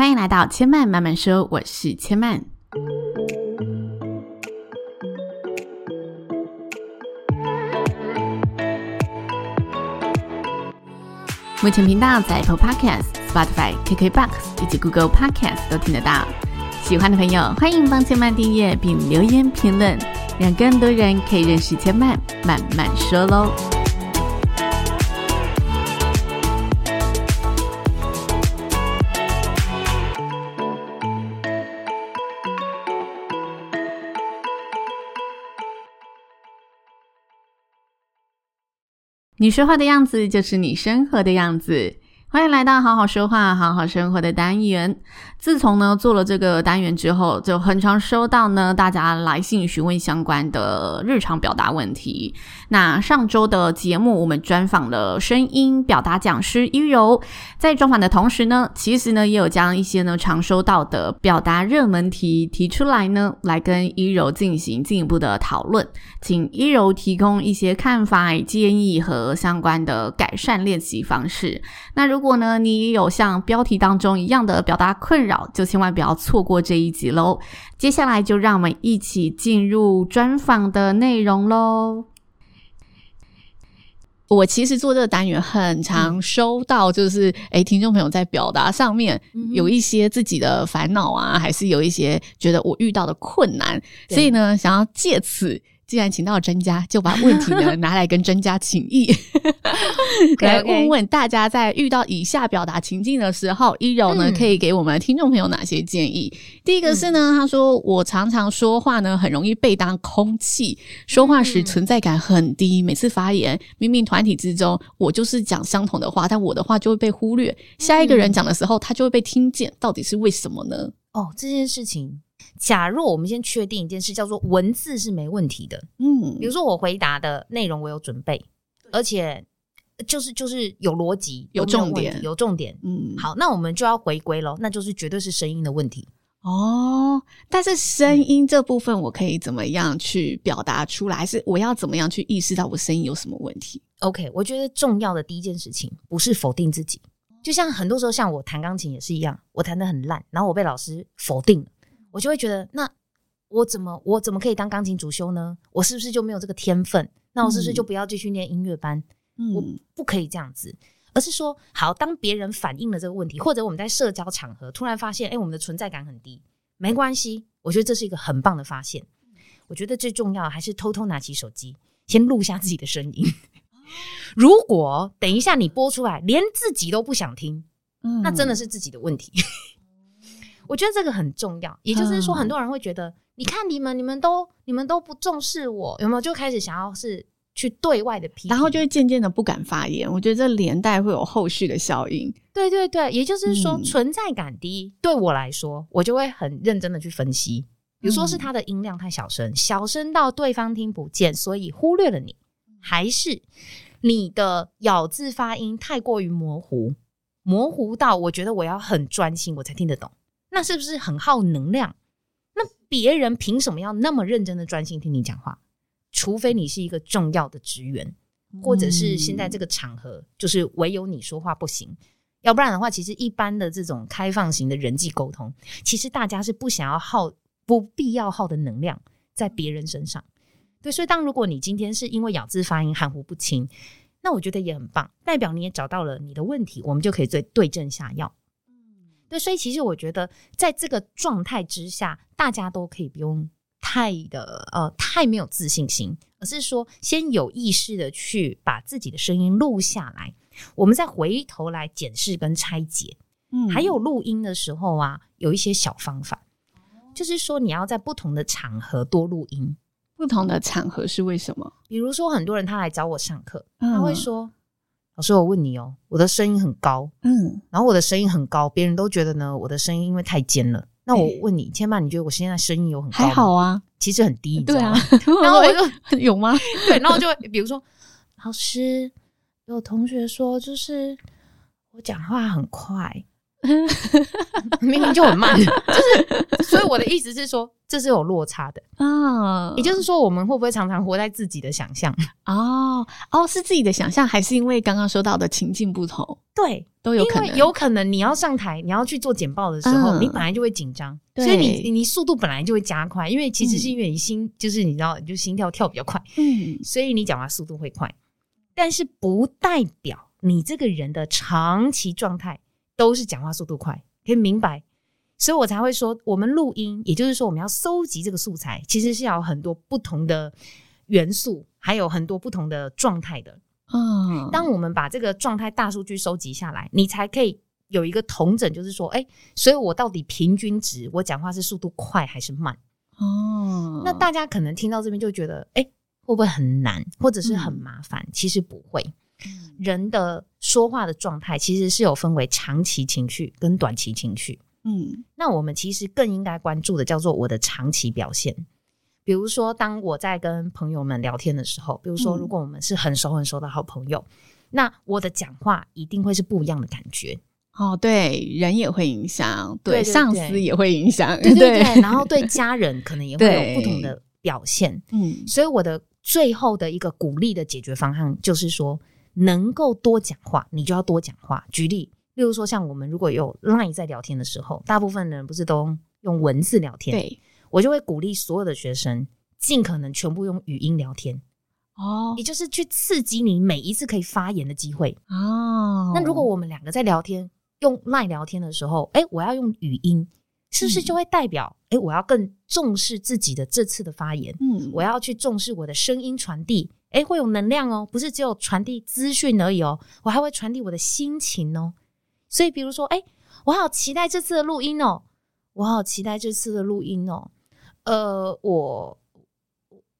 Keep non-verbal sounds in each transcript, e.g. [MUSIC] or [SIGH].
歡迎來到千嫚慢慢說，我是千嫚。目前頻道在 Apple Podcasts、Spotify、KK Box 以及 Google Podcasts 都聽得到。喜歡的朋友，歡迎幫千嫚訂閱並留言評論，讓更多人可以認識千嫚慢慢說嘍。你說話的樣子，就是你生活的樣子。歡迎來到好好說話、好好生活的單元。自從呢，做了這個單元之後，就很常收到呢，大家來信詢問相關的日常表達問題。那上周的節目，我們專訪了聲音表達講師依柔。在專訪的同時呢，其實呢，也有將一些呢，常收到的表達熱門題提出來呢，來跟依柔進行進一步的討論，請依柔提供一些看法、建議和相關的改善練習方式。那如如果呢，你也有像標題當中一樣的表達困擾，就千萬不要錯過這一集嘍。接下來就讓我們一起進入專訪的內容嘍。我其實做這個單元很常收到，就是、嗯、誒聽眾朋友在表達上面有一些自己的煩惱啊，嗯、哼還是有一些覺得我遇到的困難，對所以呢，想要借此。既然請到專家，就把問題呢 [LAUGHS] 拿來跟專家請益來問、 [LAUGHS] okay, okay 問大家，在遇到以下表達情境的時候，嗯、依柔呢可以給我們聽眾朋友哪些建議？嗯、第一個是呢，他說：“我常常說話呢，很容易被當空氣，嗯、說話時存在感很低。每次發言，明明團體之中我就是講相同的話，但我的話就會被忽略。嗯、下一個人講的時候，他就會被聽見。到底是為什麼呢？”哦，這件事情。假若我們先確定一件事，叫做文字是沒問題的，嗯，比如說我回答的內容我有準備，而且就是就是有邏輯、有重點，有沒有問題、有重點，嗯，好，那我們就要回歸了，那就是絕對是聲音的問題哦。但是聲音這部分我可以怎麼樣去表達出來？還是我要怎麼樣去意識到我聲音有什麼問題？OK，我覺得重要的第一件事情不是否定自己，就像很多時候像我彈鋼琴也是一樣，我彈得很爛，然後我被老師否定了。我就會覺得，那我怎麼我怎麼可以當鋼琴主修呢？我是不是就沒有這個天分？那我是不是就不要繼續念音樂班？嗯，我不可以這樣子，而是說，好，當別人反映了這個問題，或者我們在社交場合突然發現，哎、欸，我們的存在感很低，沒關係，我覺得這是一個很棒的發現。嗯、我覺得最重要的還是偷偷拿起手機，先錄下自己的聲音。 [LAUGHS] 如果等一下你播出來，連自己都不想聽，嗯、那真的是自己的問題。我覺得這個很重要，也就是說，很多人會覺得，嗯、你看你們，你們都你們都不重視我，有沒有？就開始想要是去對外的批評，然後就會漸漸的不敢發言。我覺得這連帶會有後續的效應。對對對，也就是說，存在感低、嗯、對我來說，我就會很認真的去分析，比如說是他的音量太小聲，嗯、小聲到對方聽不見，所以忽略了你；還是你的咬字發音太過於模糊，模糊到我覺得我要很專心我才聽得懂。那是不是很耗能量？那別人憑什麼要那麼認真的專心聽你講話？除非你是一個重要的職員，或者是現在這個場合就是唯有你說話不行，嗯、要不然的話，其實一般的這種開放型的人際溝通，其實大家是不想要耗不必要耗的能量在別人身上。對，所以當如果你今天是因為咬字發音含糊不清，那我覺得也很棒，代表你也找到了你的問題，我們就可以對對症下藥。對，所以其實我覺得，在這個狀態之下，大家都可以不用太的呃太沒有自信心，而是說先有意識的去把自己的聲音錄下來，我們再回頭來檢視跟拆解。嗯。還有錄音的時候啊，有一些小方法，就是說你要在不同的場合多錄音。不同的場合是為什麼？比如說很多人他來找我上課，嗯。他會說，老師，我問你哦、喔，我的聲音很高，嗯，然後我的聲音很高，別人都覺得呢，我的聲音因為太尖了。那我問你，千嫚你覺得我現在聲音有很高嗎？還好啊，其實很低，你知道嗎？對啊。然後我就有嗎？ [LAUGHS] 欸、 [LAUGHS] 對，然後就比如說，老師有同學說，就是我講話很快， [LAUGHS] 明明就很慢， [LAUGHS] 就是。我的意思是說，這是有落差的啊。嗯、也就是說，我們會不會常常活在自己的想象哦，哦，是自己的想象還是因為剛剛說到的情境不同？對，都有可能。有可能你要上台，你要去做簡報的時候，嗯、你本來就會緊張，嗯、所以你你速度本來就會加快。因為其實是因為你心，嗯、就是你知道，就心跳跳比較快，嗯，所以你講話速度會快。但是不代表你這個人的長期狀態都是講話速度快，可以明白？所以我才會說，我們錄音，也就是說，我們要收集這個素材，其實是要有很多不同的元素，還有很多不同的狀態的啊。Oh. 當我們把這個狀態大數據收集下來，你才可以有一個統整，就是說，誒、欸，所以我到底平均值，我講話是速度快還是慢？哦，oh. 那大家可能聽到這邊就覺得，誒、欸，會不會很難，或者是很麻煩？嗯、其實不會，人的說話的狀態其實是有分為長期情緒跟短期情緒。嗯，那我們其實更應該關注的叫做我的長期表現。比如說，當我在跟朋友們聊天的時候，比如說，如果我們是很熟很熟的好朋友，嗯、那我的講話一定會是不一樣的感覺。哦，對，人也會影響，對，對，對，對上司也會影響，對對對，對， [LAUGHS] 對對對，然後對家人可能也會有不同的表現。嗯，所以我的最後的一個鼓勵的解決方向就是說，能夠多講話，你就要多講話。舉例。例如說，像我們如果有 LINE 在聊天的時候，大部分的人不是都用文字聊天？對，我就會鼓勵所有的學生盡可能全部用語音聊天哦，也就是去刺激你每一次可以發言的機會哦，那如果我們兩個在聊天用 LINE 聊天的時候，哎，我要用語音，是不是就會代表哎、嗯，我要更重視自己的這次的發言？嗯，我要去重視我的聲音傳遞，哎，會有能量哦，不是只有傳遞資訊而已哦，我還會傳遞我的心情哦。所以，比如說，哎、欸，我好期待這次的錄音哦、喔！我好期待這次的錄音哦、喔！呃，我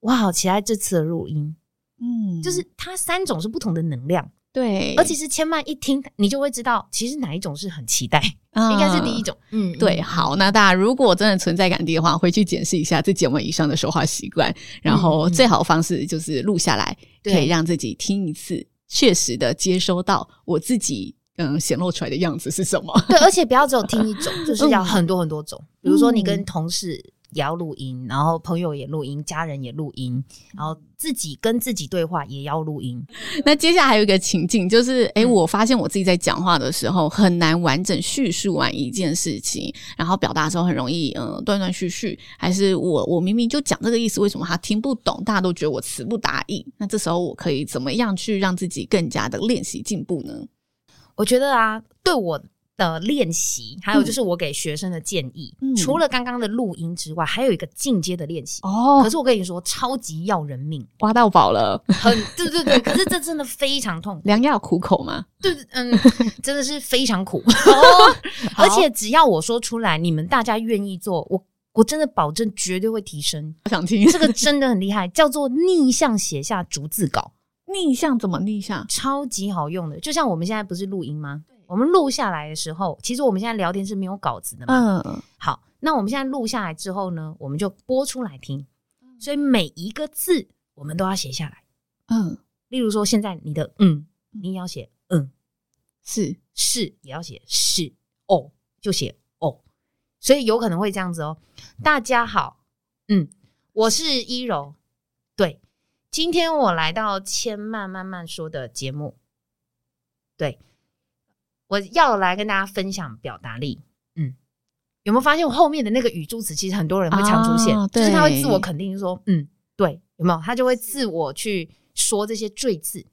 我好期待這次的錄音。嗯，就是它三種是不同的能量，對。而且是千嫚一聽，你就會知道，其實哪一種是很期待，欸呃、應該是第一種。嗯，對。嗯、好，那大家如果真的存在感低的話，回去檢視一下自己我以上的說話習慣，然後最好的方式就是錄下來，可以讓自己聽一次，確對實的接收到我自己。嗯，顯露出來的樣子是什麼？對，而且不要只有聽一種， [LAUGHS] 就是要很多很多種。比如說，你跟同事也要錄音，嗯、然後朋友也錄音，家人也錄音，然後自己跟自己對話也要錄音。嗯、那接下來還有一個情境，就是誒，欸嗯、我發現我自己在講話的時候很難完整敘述完一件事情，然後表達的時候很容易嗯斷斷續續，還是我我明明就講這個意思，為什麼他聽不懂？大家都覺得我詞不達意。那這時候我可以怎麼樣去讓自己更加的練習進步呢？我覺得啊，對我的練習，還有就是我給學生的建議，嗯、除了剛剛的錄音之外，還有一個進階的練習哦。可是我跟你說，超級要人命，挖到寶了，很對對對。 [LAUGHS] 可是這真的非常痛苦，良藥苦口嘛。對，嗯，真的是非常苦、 [LAUGHS] 哦。而且只要我說出來，你們大家願意做，我我真的保證絕對會提升。我想聽這個真的很厲害，叫做逆向寫下逐字稿。逆向怎麼逆向？超級好用的，就像我們現在不是錄音嗎？對，我們錄下來的時候，其實我們現在聊天是沒有稿子的嘛。嗯，好，那我們現在錄下來之後呢，我們就播出來聽。嗯、所以每一個字我們都要寫下來。嗯，例如說現在你的“嗯”，你也要寫“嗯”；是是也要寫“是”；哦就寫“哦”就寫哦。所以有可能會這樣子哦、喔。嗯、大家好，嗯，我是依柔。今天我來到千嫚慢慢說的節目，對，我要來跟大家分享表達力。嗯，有沒有發現我後面的那個語助詞，其實很多人會常出現，啊、對就是他會自我肯定說，說嗯，對，有沒有？他就會自我去說這些贅字。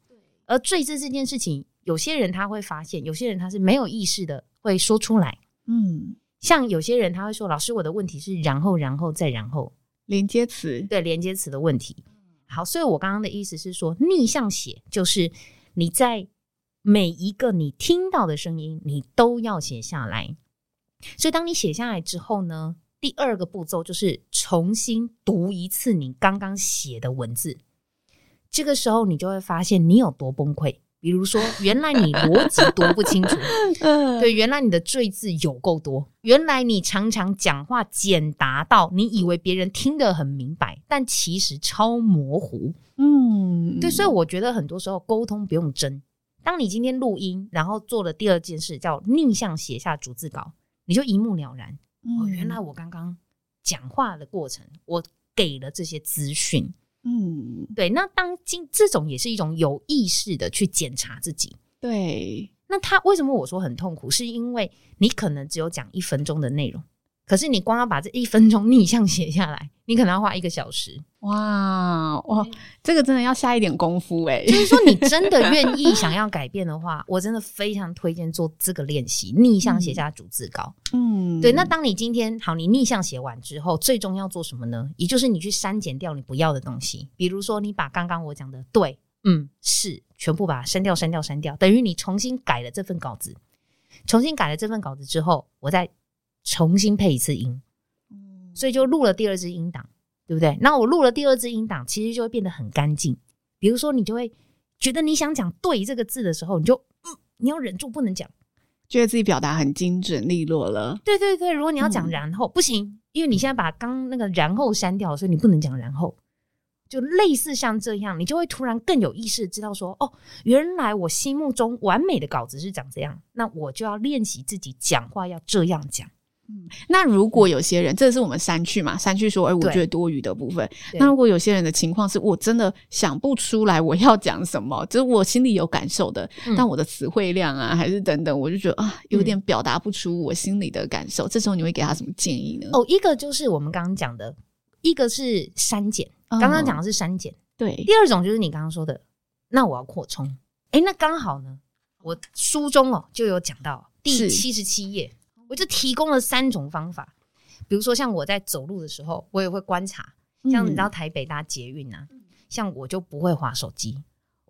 而贅字這件事情，有些人他會發現，有些人他是沒有意識的會說出來。嗯，像有些人他會說，老師，我的問題是然後，然後再然後，連接詞，對，連接詞的問題。好，所以我剛剛的意思是說，逆向寫就是你在每一個你聽到的聲音，你都要寫下來。所以，當你寫下來之後呢，第二個步驟就是重新讀一次你剛剛寫的文字。這個時候，你就會發現你有多崩潰。比如說，原來你邏輯都不清楚。 [LAUGHS] 對，原來你的贅字有夠多，原來你常常講話簡答到你以為別人聽得很明白，但其實超模糊，嗯，對，所以我覺得很多時候溝通不用爭。嗯、當你今天錄音，然後做了第二件事叫逆向寫下逐字稿，你就一目了然。嗯、哦，原來我剛剛講話的過程，我給了這些資訊。嗯，對，那當今這種也是一種有意識的去檢查自己。對，那他為什麼我說很痛苦？是因為你可能只有講一分鐘的內容。可是你光要把這一分鐘逆向寫下來，你可能要花一個小時。哇哇，這個真的要下一點功夫誒、欸。就是說，你真的願意想要改變的話， [LAUGHS] 我真的非常推薦做這個練習——逆向寫下逐字稿。嗯，對。那當你今天好，你逆向寫完之後，最重要做什麼呢？也就是你去刪減掉你不要的東西，比如說你把剛剛我講的“對”“嗯”“是”全部把它刪掉、刪掉、刪掉，等於你重新改了這份稿子，重新改了這份稿子之後，我再。重新配一次音，所以就錄了第二支音檔，對不對？那我錄了第二支音檔，其實就會變得很乾淨。比如說，你就會覺得你想講“對”這個字的時候，你就、嗯、你要忍住不能講，覺得自己表達很精準利落了。對對對，如果你要講“然後”嗯、不行，因為你現在把剛那個“然後”刪掉，所以你不能講“然後”。就類似像這樣，你就會突然更有意識知道說：“哦，原來我心目中完美的稿子是長這樣。”那我就要練習自己講話要這樣講。嗯，那如果有些人，這是我們刪去嘛，刪去說，哎，我覺得多餘的部分。那如果有些人的情況是我真的想不出來我要講什麼，就是我心裡有感受的，嗯、但我的詞彙量啊，還是等等，我就覺得啊，有點表達不出我心裡的感受。嗯、這時候你會給他什麼建議呢？哦，一個就是我們剛剛講的，一個是刪減，剛剛講的是刪減、嗯。對，第二種就是你剛剛說的，那我要擴充。哎、欸，那剛好呢，我書中哦就有講到第七十七頁。我就提供了三種方法，比如說像我在走路的時候，我也會觀察。像你知道台北搭捷運啊，嗯、像我就不會滑手機。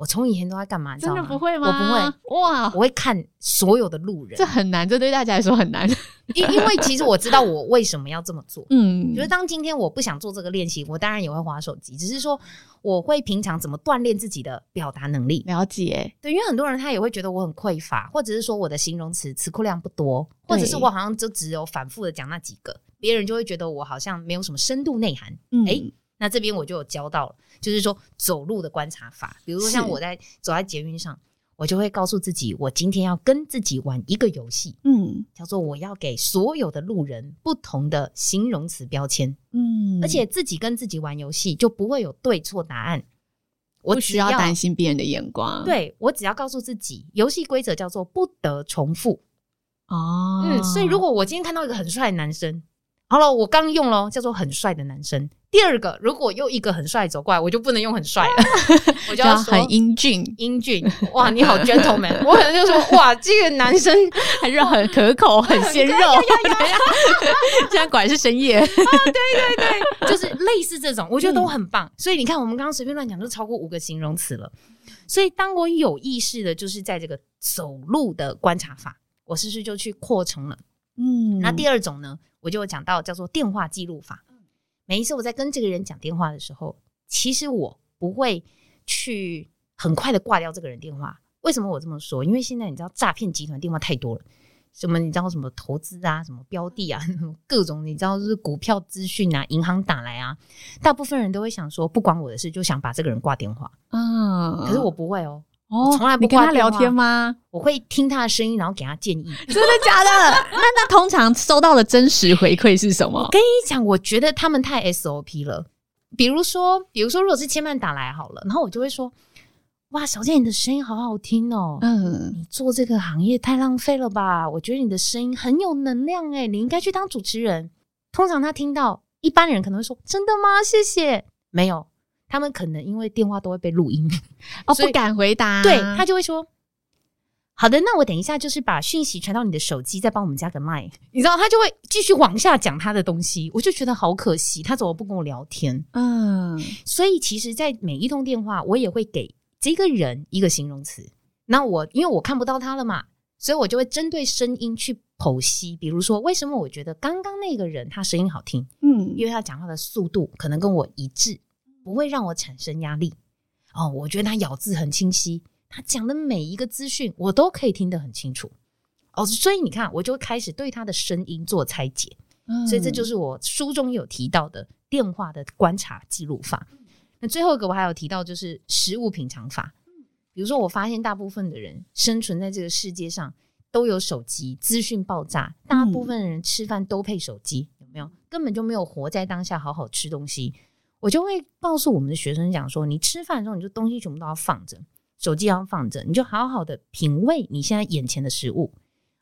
我從以前都在幹嘛？你知道嗎？真的不會嗎？我不會哇！我會看所有的路人，這很難，這對大家來說很難。因 [LAUGHS] 因為其實我知道我為什麼要這麼做。嗯，就是當今天我不想做這個練習，我當然也會滑手機。只是說我會平常怎麼鍛鍊自己的表達能力？了解。對，因為很多人他也會覺得我很匱乏，或者是說我的形容詞詞庫量不多，或者是我好像就只有反覆的講那幾個，別人就會覺得我好像沒有什麼深度內涵。嗯。欸那這邊我就有教到了，就是說走路的觀察法，比如說像我在是走在捷運上，我就會告訴自己，我今天要跟自己玩一個遊戲，嗯，叫做我要給所有的路人不同的形容詞標籤，嗯，而且自己跟自己玩遊戲就不會有對錯答案，我只要不需要擔心別人的眼光，對，我只要告訴自己，遊戲規則叫做不得重複，哦，嗯，所以如果我今天看到一個很帥的男生，好了，我剛用了，叫做很帥的男生。第二個，如果又一個很帥走過來，我就不能用很帥了，啊、我就要，要很英俊，英俊，哇，你好 gentleman！ [LAUGHS] 我可能就說 [LAUGHS] 哇，這個男生還是很可口，哇很鮮肉，果然管是深夜、啊，對對對，就是類似這種，我覺得都很棒。嗯、所以你看，我們剛剛隨便亂講都超過五個形容詞了。所以當我有意識的，就是在這個走路的觀察法，我是不是就去擴充了？嗯，那第二種呢，我就講到叫做電話記錄法。每一次我在跟這個人講電話的時候，其實我不會去很快的掛掉這個人電話。為什麼我這麼說？因為現在，你知道詐騙集團電話太多了，什麼你知道什麼投資啊，什麼標的啊，各種你知道是股票資訊啊，銀行打來啊，大部分人都會想說不關我的事，就想把這個人掛電話啊。可是我不會哦。哦，從來不跟他聊天嗎？我會聽他的聲音，然後給他建議。 [LAUGHS] 真的假的？ [LAUGHS] 那他通常收到的真實回饋是什麼？跟你講，我覺得他們太 SOP 了。比如說，比如說，如果是千嫚打來好了，然後我就會說：“哇，小嫚，你的聲音好好聽哦、喔。”嗯，你做這個行業太浪費了吧？我覺得你的聲音很有能量哎、欸，你應該去當主持人。通常他聽到一般人可能會說：“真的嗎？謝謝。”沒有。他們可能因為電話都會被錄音哦，所以不敢回答。對，他就會說：“好的，那我等一下就是把訊息傳到你的手機，再幫我們加個賴。”你知道，他就會繼續往下講他的東西。我就覺得好可惜，他怎麼不跟我聊天？嗯，所以其實，在每一通電話，我也會給這個人一個形容詞。那我因為我看不到他了嘛，所以我就會針對聲音去剖析。比如說，為什麼我覺得剛剛那個人他聲音好聽？嗯，因為他講話的速度可能跟我一致。不會讓我產生壓力哦，我覺得他咬字很清晰，他講的每一個資訊我都可以聽得很清楚哦，所以你看，我就會開始對他的聲音做拆解。嗯、所以這就是我書中有提到的電話的觀察記錄法。嗯、那最後一個我還有提到就是食物品嘗法。嗯、比如說，我發現大部分的人生存在這個世界上都有手機資訊爆炸，大部分的人吃飯都配手機。嗯、有沒有根本就沒有活在當下，好好吃東西。我就會告訴我們的學生講說，你吃飯的時候，你就東西全部都要放着，手機要放着，你就好好的品味你現在眼前的食物。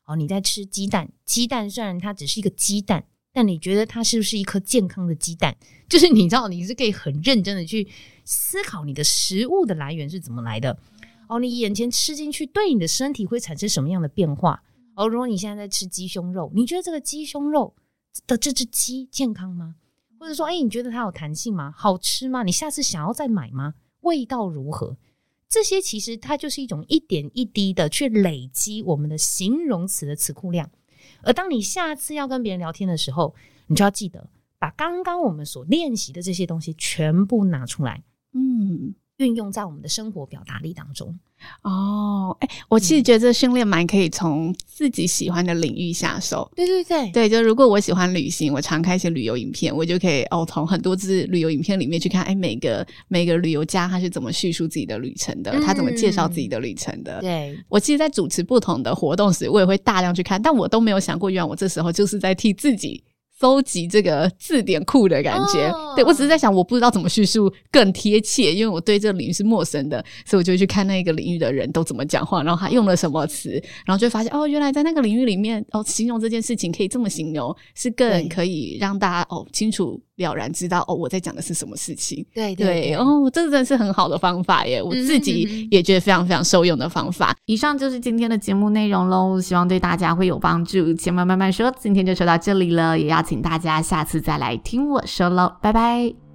哦，你在吃雞蛋，雞蛋雖然它只是一個雞蛋，但你覺得它是不是一顆健康的雞蛋？就是你知道你是可以很認真的去思考你的食物的來源是怎麼來的。哦，你眼前吃進去對你的身體會產生什麼樣的變化？哦，如果你現在在吃雞胸肉，你覺得這個雞胸肉的這隻雞健康嗎？或者說，欸，你覺得它有彈性嗎？好吃嗎？你下次想要再買嗎？味道如何？這些其實它就是一種一點一滴的去累積我們的形容詞的詞庫量。而當你下次要跟別人聊天的時候，你就要記得把剛剛我們所練習的這些東西全部拿出來。嗯。運用在我們的生活表達力當中哦，哎、欸，我其實覺得這訓練蠻可以從自己喜歡的領域下手。嗯、對對對，對，就如果我喜歡旅行，我常開一些旅遊影片，我就可以哦，從很多支旅遊影片裡面去看，哎、欸，每個每個旅遊家他是怎麼敘述自己的旅程的，嗯、他怎麼介紹自己的旅程的。對，我其實，在主持不同的活動時，我也會大量去看，但我都沒有想過，原來我這時候就是在替自己。蒐集這個字典庫的感覺，oh. 對，我只是在想，我不知道怎麼敘述更貼切，因為我對這個領域是陌生的，所以我就會去看那個領域的人都怎麼講話，然後他用了什麼詞，然後就會發現哦，原來在那個領域裡面，哦，形容這件事情可以這麼形容，是更可以讓大家對哦，清楚。了然知道哦，我在講的是什麼事情？對對，對，對哦，這真的是很好的方法耶！我自己也覺得非常非常受用的方法。 [LAUGHS] 以上就是今天的節目內容嘍，希望對大家會有幫助。千嫚嫚嫚說，今天就說到這裡了，也要請大家下次再來聽我說嘍，拜拜。